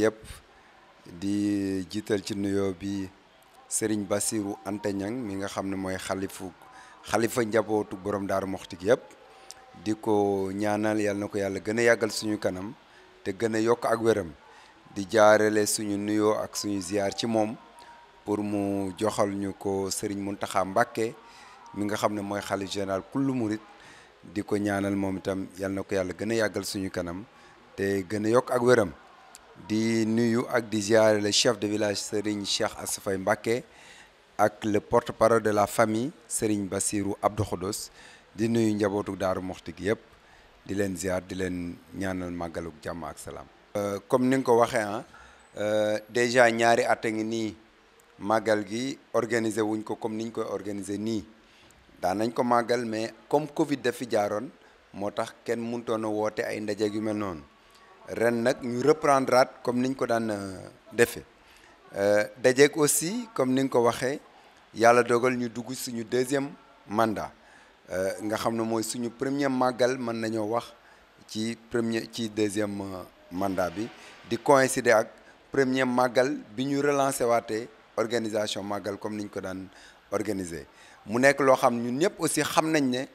yëpp di jiital ci nuyo bi Serigne Bassirou Anta Niang mi nga xam ne mooy xalifu xalifa njabootu borom Daaru Moxti yëpp di ko ñaanal yàlla na ko yàlla gën a yàggal suñu kanam te gën a yokk ak wéram di jaarale suñu nuyoo ak suñu ziar ci moom pour mu joxal ñu ko Serigne Mountakha Mbacké mi nga xam ne mooy xalif général kullu di ko ñaanal moom itam yàlla na ko yàlla gën a yàggal suñu kanam te gën a yokk ak wéram di nuyu ak di ziare le chef de village Serigne Cheikh safay Mbacké ak le porte-parole de la famille Serigne Bassirou Abdou Khodos di nuyu njabootu Daaru Moxti gi yëpp di leen ziar di leen ñaanal màggaluk jàmm ak salaam. Euh, comme ni nga ko waxee ah déjà ñaari at ngi nii màggal gi organiser wuñ ko comme niñ koy organiser nii daan nañ ko màggal mais comme Covid daf fi jaaroon moo tax kenn mënutoon a woote ay ndaje yu mel noonu. ren nag ñu reprendre comme niñ ko daan euh, defee euh, dajeeg aussi comme ni nga ko waxee yàlla dogal ñu dugg suñu deuxième mandat euh, nga xam ne mooy suñu premier màggal mën nañoo wax ci premier ci deuxième mandat bi di coïncider ak premier màggal bi ñu relancé waatee organisation màggal comme niñ ko daan organiser mu nekk loo xam ñun ñëpp aussi xam nañ ne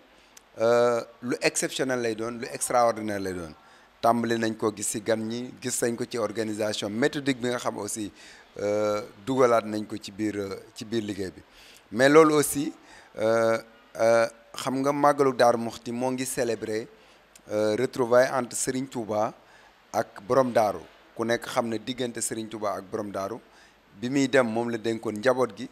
lu exceptionnel lay doon lu extraordinaire lay doon. tàmbali nañ ko gis ci gan ñi gis nañ ko ci organisation méthodique bi nga xam aussi euh, dugalaat nañ ko ci biir euh, ci biir liggéey bi mais loolu aussi euh, xam nga màggalu Daaru Muxti moo ngi célébrer retrouvailles entre Serigne Touba ak borom daaru ku nekk xam ne diggante Serigne Touba ak borom daaru bi muy dem moom la dénkoon njaboot gi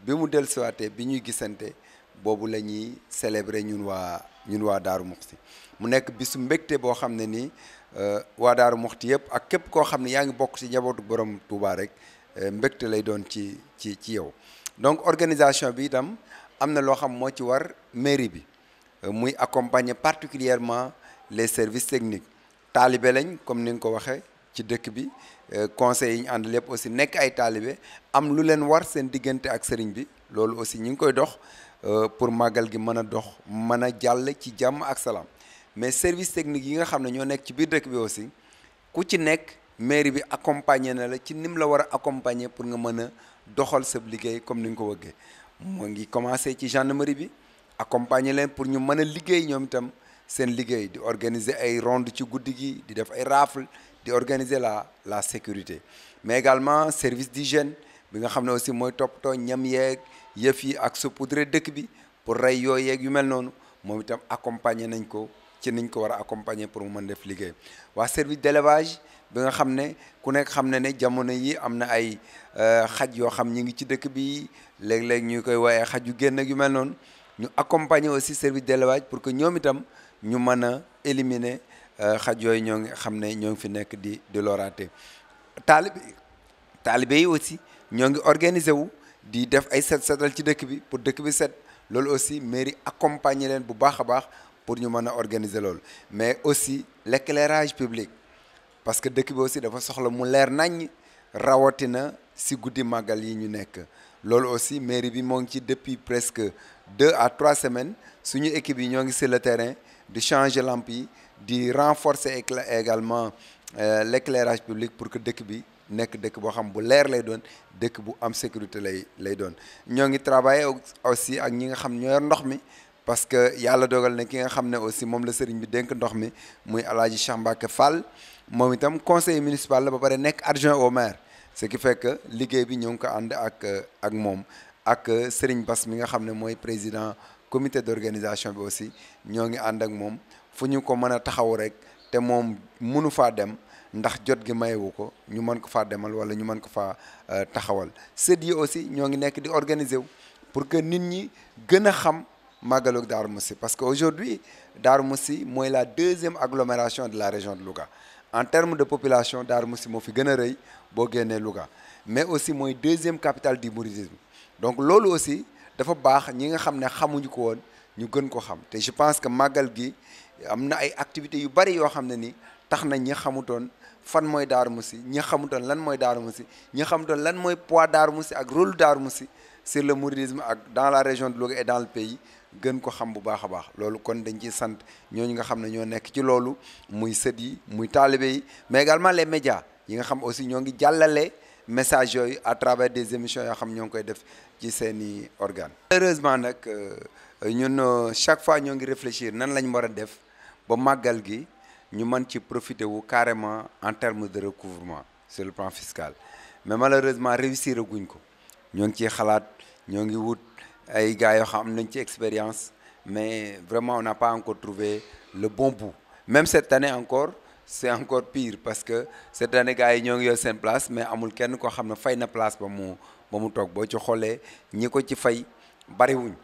bi mu dellusiwaatee bi ñuy gisante boobu la ñuy célébrer ñun waa ñun waa Daaru moxti mu nekk bisu mbégte boo xam ne ni euh, waa Daaru Muxti yëpp ak képp koo xam ne yaa ngi bokk ci njabootu borom Touba rek euh, mbégte lay doon ci ci ci yow donc organisation bi itam am na loo xam moo ci war mairie bi euh, muy accompagner particulièrement les service techniques taalibe lañ comme ni nga ko waxee ci dëkk bi conseil yi ñu ànd lépp aussi nekk ay taalibe am lu leen war seen diggante ak sëriñ bi loolu aussi ñu ngi koy dox Euh, pour màggal gi mën a dox mën a jàll ci jàmm ak salaam mais service technique yi nga xam ne ñoo nekk ci biir dëkk bi aussi ku ci nekk mairie bi accompagner na la ci nim la war a accompagner pour nga mën a doxal sa liggéey comme ni nga ko bëggee moo ngi commencé ci gendarmerie bi accompagner leen pour ñu mën a liggéey ñoom itam seen liggéey di organiser ay ronde ci guddi gi di def ay rafle di organiser la la sécurité mais également service di d'hygiène bi nga xam ne aussi mooy toppatoo ñam yeeg yëf yi ak saupoudrer dëkk bi pour rey yooyu yeeg yu mel noonu moom itam accompagner nañ ko ci niñ ko war a accompagner pour mu mën def liggéey waa service d'élevage bi nga xam ne ku nekk xam ne ne jamono yi am na ay euh, xaj yoo xam ñi ngi ci dëkk bi léeg-léeg ñu koy waaye xaju yu génn yu mel noonu ñu accompagner aussi service d'élevage pour que ñoom itam ñu mën a éliminer euh, xaj yooyu ñoo ngi xam ne ñoo ngi fi nekk di di loraate taalibe taalibe yi aussi ñoo ngi organiser wu di def ay set setal ci dëkk bi pour dëkk bi set loolu aussi mairie accompagner leen bu baax a baax pour ñu mën a organiser loolu mais aussi l' éclairage public parce que dëkk bi aussi dafa soxla mu leer nañ rawatina si guddi màggal yi ñu nekk loolu aussi mairie bi moo ngi ci depuis presque deux à trois semaines suñu équipe yi ñoo ngi sur le terrain di changer lampe yi di renforcer également euh, l' éclairage public pour que dëkk bi nekk dëkk boo xam bu leer lay doon dëkk bu am sécurité lay lay doon ñoo ngi travailler aussi ak ñi nga xam ñoo yor ndox mi parce que yàlla dogal na ki nga xam ne aussi moom la sëriñ bi dénk ndox mi muy alaaji Cheikh Mbacke Fall moom itam conseil municipal la ba pare nekk adjoint au maire ce qui fekk liggéey bi ñu ngi ko ànd ak ak moom ak sëriñ Bass mi nga xam ne mooy président comité d'organisation bi aussi ñoo ngi ànd ak moom fu ñu ko mën a taxaw rek te moom munu faa dem ndax jot gi mayewu ko ñu mën ko faa demal wala ñu mën ko faa euh, taxawal sët yi aussi ñoo ngi nekk di organiser wu pour que nit ñi gën a xam màggalug daar Moussi parce que aujourd'hui daar Moussi mooy la deuxième agglomération de la région de Louga en terme de population daar Moussi moo fi gën a rëy boo génnee luga mais aussi mooy deuxième capital di mouridisme donc loolu aussi dafa baax ñi nga xam ne xamuñu ko woon ñu gën ko xam te je pense que màggal gi am na ay activités yu bari yoo xam ne ni tax na ñi xamutoon fan mooy Darou Moussi ñi xamutoon lan mooy Darou Moussi ñi xamutoon lan mooy poids Darou Moussi ak rôle Darou Moussi sur le mouridisme ak dans la région de Louga et dans le pays gën ko xam bu baax a baax loolu kon dañ ciy sant ñooñu nga xam ne ñoo nekk ci loolu muy sët yi muy taalibe yi mais également les médias yi nga xam aussi ñoo ngi jàllale message yooyu à travers des émissions yoo xam ñoo ngi koy def ci seeni organes. heureusement nag euh, ñun euh, chaque fois ñoo ngi réfléchir nan lañ war a def ba màggal gi. ñu mën ci profiter wu carrément en terme de recouvrement sur le plan fiscal mais malheureusement réussir guñ ko ñoo ngi ciy xalaat ñoo ngi wut ay gars yoo xam nañ ci expérience mais vraiment n'a pas encore trouvé le bon bout même cette année encore c'est encore pire parce que cette année gars yi ñoo ngi yor seen place mais amul kenn koo xam ne fay na place ba mu ba mu toog boo ci xoolee ñi ko ci fay bariwuñ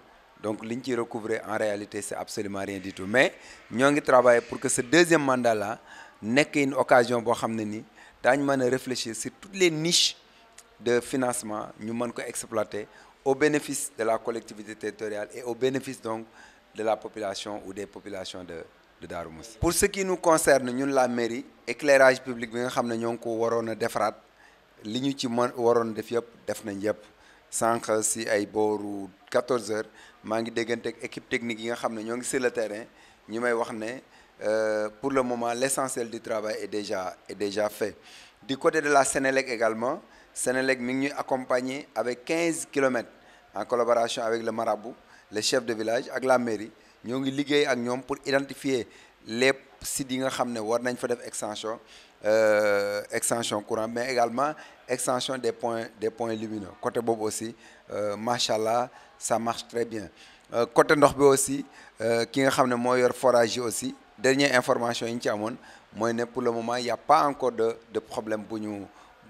donc li ñu ciy recouvrer en réalité c'est absolument rien du tout mais ñoo ngi travailler pour que ce deuxième mandat là nekk une occasion boo xam ne ni daañ mën a réfléchir sur toutes les niches de financement ñu mën ko exploiter au bénéfice de la collectivité territoriale et au bénéfice donc de la population ou des population de de Darou pour ce qui nous concerne ñun la mairie éclairage public bi nga xam ne ñoo ngi ko waroon a defaraat li ñu ci mën waroon def yëpp def nañ yëpp sànq si ay booru 14 heures maa ngi dégganteeg équipe technique yi nga xam ne ñoo ngi sur le terrain ñu may wax ne euh, pour le moment l' essentiel du travail est déjà est déjà fait di côté de la Sénélec également Sénélec mi ngi ñuy accompagner avec 15 kilomètres en collaboration avec le marabout le chef de village ak la mairie ñoo ngi liggéey ak ñoom pour identifier les sites yi nga xam ne war nañ fa def extension euh, extension courant mais également extension des points des points lumineux côté boobu aussi euh, macha allah ça marche très bien euh, côté ndox bi aussi euh, ki nga xam ne moo yor forage yi aussi dernière information yi ñu ci amoon mooy ne pour le moment il pas encore de de problème bu ñu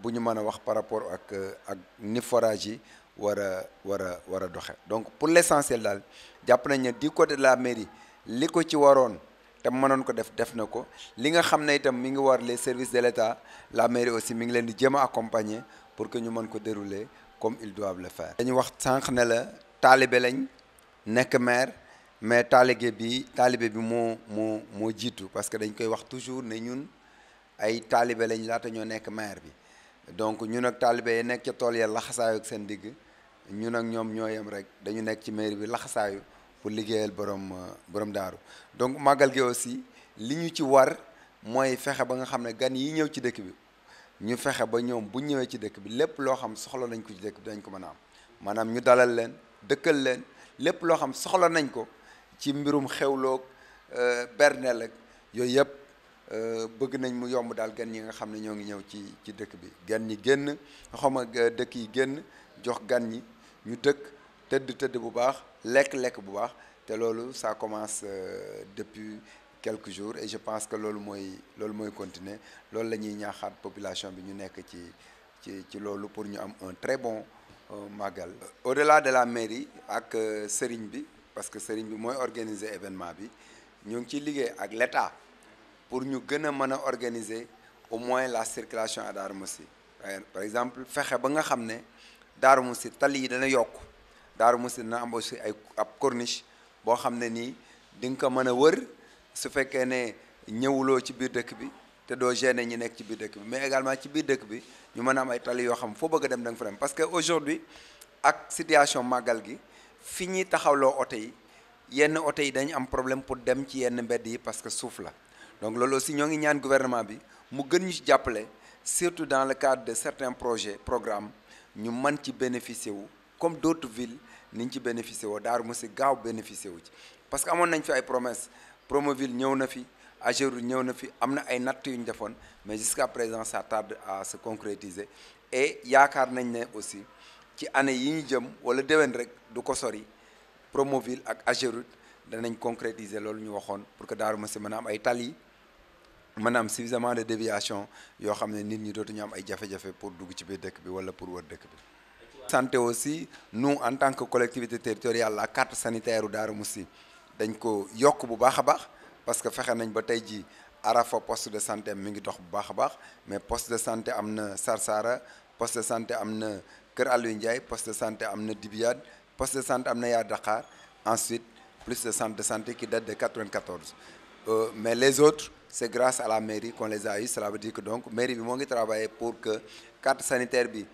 bu ñu mën a wax par rapport ak euh, ak ni forage yi war a war a war a doxe donc pour l'essentiel daal jàpp nañ ne di côté de la mairie li ko ci waroon te mënoon ko def def na ko li nga xam ne itam mi ngi war les services de l'État la mairie aussi mi ngi leen di jéem a pour que ñu mën ko dérouler comme ils doivent le faire. dañu wax sànq ne la taalibe lañ nekk maire mais taalibe bi taalibe bi moo moo moo jiitu parce que dañ koy wax toujours ne ñun ay taalibe lañ laata ñoo nekk maire bi donc ñun ak taalibe yi nekk ca tool ya laxasaayu ak seen digg ñun ak ñoom ñoo yem rek dañu nekk ci mairie bi laxasaayu. pour liggéeyal borom euh, borom daaru donc màggal gi aussi li ñu ci war mooy fexe ba nga xam ne gan yi ñëw ci dëkk bi ñu fexe ba ñoom bu ñëwee ci dëkk bi lépp loo xam soxla nañ ko ci dañ ko mën a am maanaam ñu dalal leen dëkkal leen lépp loo xam soxla nañ ko ci mbirum xewloog euh, berneel ak yooyu yëpp euh, bëgg nañ mu yomb daal gan yi nga xam ne ñoo ngi ñëw ci ci dëkk bi gan ñi génn xawma dëkk yi génn jox gan ñi ñu dëkk tëdd tëdd bu baax lekk lekk bu baax te loolu ça commence euh, depuis quelque jours et je pense que loolu mooy loolu mooy continuer loolu la ñuy ñaaxaat population bi ñu nekk ci ci ci loolu pour ñu am un très bon euh, màggal. au-delà de la mairie ak euh, sëriñ bi parce que sëriñ bi mooy organiser événement bi ñu ngi ciy liggéey ak leta pour ñu gën a mën a organiser au moins la circulation à Darou par exemple fexe ba nga xam ne Darou Mousty tali yi dana yokk. Daaru Musti dina am ay ab corniche boo xam ne nii di nga ko mën a wër su fekkee ne ñëwuloo ci biir dëkk bi te doo gêner ñu nekk ci biir dëkk bi mais également ci biir dëkk bi ñu mën a am ay tali yoo xam foo bëgg a dem da nga fa dem parce que aujourd'hui ak situation màggal gi fi ñuy taxawloo oto yi yenn oto yi dañu am problème pour dem ci yenn mbedd yi parce que suuf la donc loolu aussi ñoo ngi ñaan gouvernement bi mu gën ñu ci jàppale surtout dans le cadre de certains projets programmes ñu mën ci bénéficier wu comme d'autres villes niñ ci bénéficié woo Darou Moussi gaaw bénéficié wu ci parce que amoon nañ fi ay promesse Promoville ñëw na fi Ageroute ñëw na fi am na ay natt yu ñu defoon mais jusqu'à présent ça tarde à se concrétiser et yaakaar nañ ne aussi ci année yi ñu jëm wala déwén rek du ko sori Promoville ak Ageroute danañ concrétiser loolu ñu waxoon pour que Darou Moussi mën a am ay tali mën a am suffisamment de déviation yoo xam ne nit ñi dootuñu am ay jafe-jafe pour dugg ci biir dëkk bi wala pour wër dëkk bi. santé aussi nu en tant que collectivité territoriale la carte sanitaire u Darou si dañ ko yokk bu baax a baax parce que fexe nañ ba tey ji Arafa poste de santé mi ngi dox bu baax a baax mais poste de santé am na Sarsara poste de santé am na Kër Aliou Ndiaye poste de santé am na Dibiad poste de santé am na Yaa Dakar ensuite plus de centres de santé qui datent de 94 euh, mais les autres c'est grâce à la mairie qu'on les a eu cela veut dire que donc moo ngi pour que carte sanitaire bi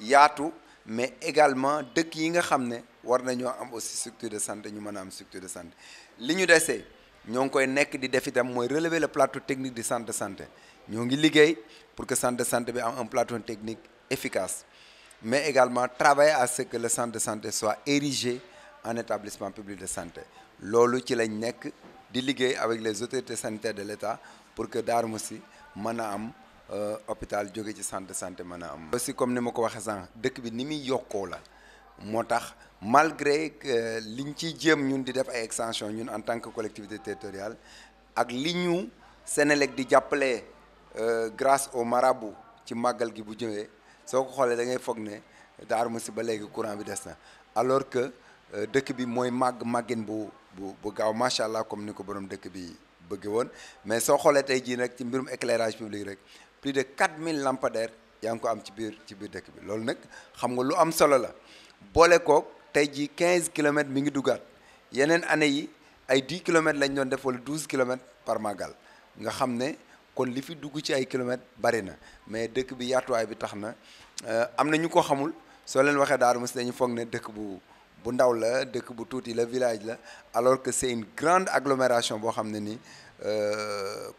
yaatu mais également dëkk yi nga xam ne war nañoo am aussi structure de santé ñu mën a am structure de santé li ñu desee ñoo ngi koy nekk di def itam mooy relever le plateau technique du centre de santé ñoo ngi liggéey pour que centre de santé bi am un plateau technique efficace mais également travailler à ce que le centre de santé soit érigé en établissement public de santé loolu ci lañ nekk di liggéey avec les autorités sanitaires de l'État pour que Darou si mën a am Euh, hôpital jóge ci centre santé mën a am. aussi comme ni ma ko waxee sànq dëkk bi ni muy yokkoo la moo tax malgré liñ ciy jéem ñun di def ay extension ñun en tant que collectivité territoriale ak li ñu Sénélec di jàppale euh, grâce au marabu ci màggal gi bu ñëwee soo ko xoolee da ngay foog ne Darou Mousty ba léegi courant bi des na alors que euh, dëkk bi mooy màgg màggin bu bu bu gaaw macha allah comme ni ko borom dëkk bi bëgge woon mais soo xoolee tey jii rek ci mbirum éclairage public rek. plus de 4000 lampadaires yaa ngi ko am ci biir ci biir dëkk bi loolu nag xam nga lu am solo la boole kook tey jii 15 kilomètres mi ngi duggaat yeneen année yi ay 10 kilomètres lañ doon def wala 12 par màggal nga xam ne kon li fi dugg ci ay kilomètres bari na mais dëkk bi yaatuwaay bi tax na euh, am na ñu ko xamul soo leen waxee Darou Mouhty dañu foog ne dëkk bu bu ndaw la dëkk bu tuuti la village la alors que c'est une grande agglomération boo xam ne nii.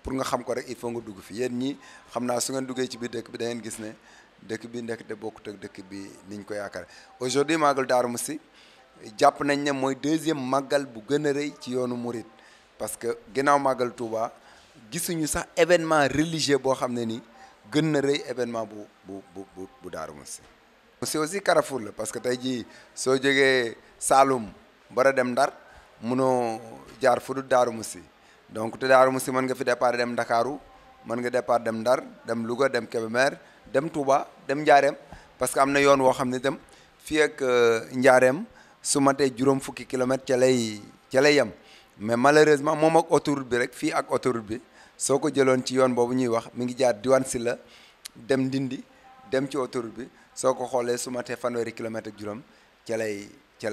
pour nga xam ko rek il faut nga dugg fi yéen ñi xam naa su ngeen duggee ci biir dëkk bi da ngeen gis ne dëkk bi ndekk de bokkut ak dëkk bi niñ ko yaakaar aujourd'hui màggal Daaru Muxti jàpp nañ ne mooy deuxième màggal bu gën a rëy ci yoonu murit parce que ginnaaw màggal Touba gisuñu sax événement religieux boo xam ne ni gën na rëy événement bu bu bu bu Daaru Muxti c'est aussi Carrefour la parce que tey jii soo jegee Saalum bara dem Ndar munoo jaar fu dul Daaru donc te daaru musi mën nga fi départ dem ndakaaru mën nga départ dem ndar dem Louga dem Kébémer dem Touba dem njaareem parce que am na yoon woo xam ne dem fii ak euh, njaareem su matee juróom fukki kilomètre ca lay ca yem mais malheureusement moom ak autoroute bi rek fii ak autoroute bi soo ko jëloon ci yoon boobu ñuy wax mi ngi jaar diwaan si la dem ndindi dem ci autoroute bi soo ko xoolee su matee fanweeri kilomètre juróom ca lay ca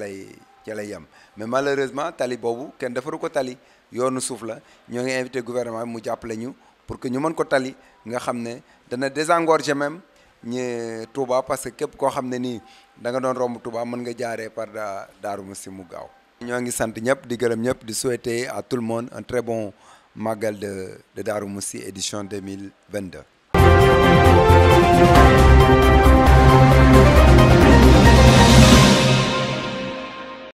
lay yem mais malheureusement tali boobu kenn defaru ko tali yoonu suuf la ñoo ngi invité gouvernement bi mu jàpp ñu pour que ñu man ko tali nga xam ne dana désengorger même ñi Touba parce que képp koo xam ne nii danga nga doon romb Touba mën nga jaaree par da Daaru Muxti mu gaaw ñoo ngi sant ñëpp di gërëm ñëpp di souhaiter à tout le monde un très bon Magal de de Darou Moussi édition 2022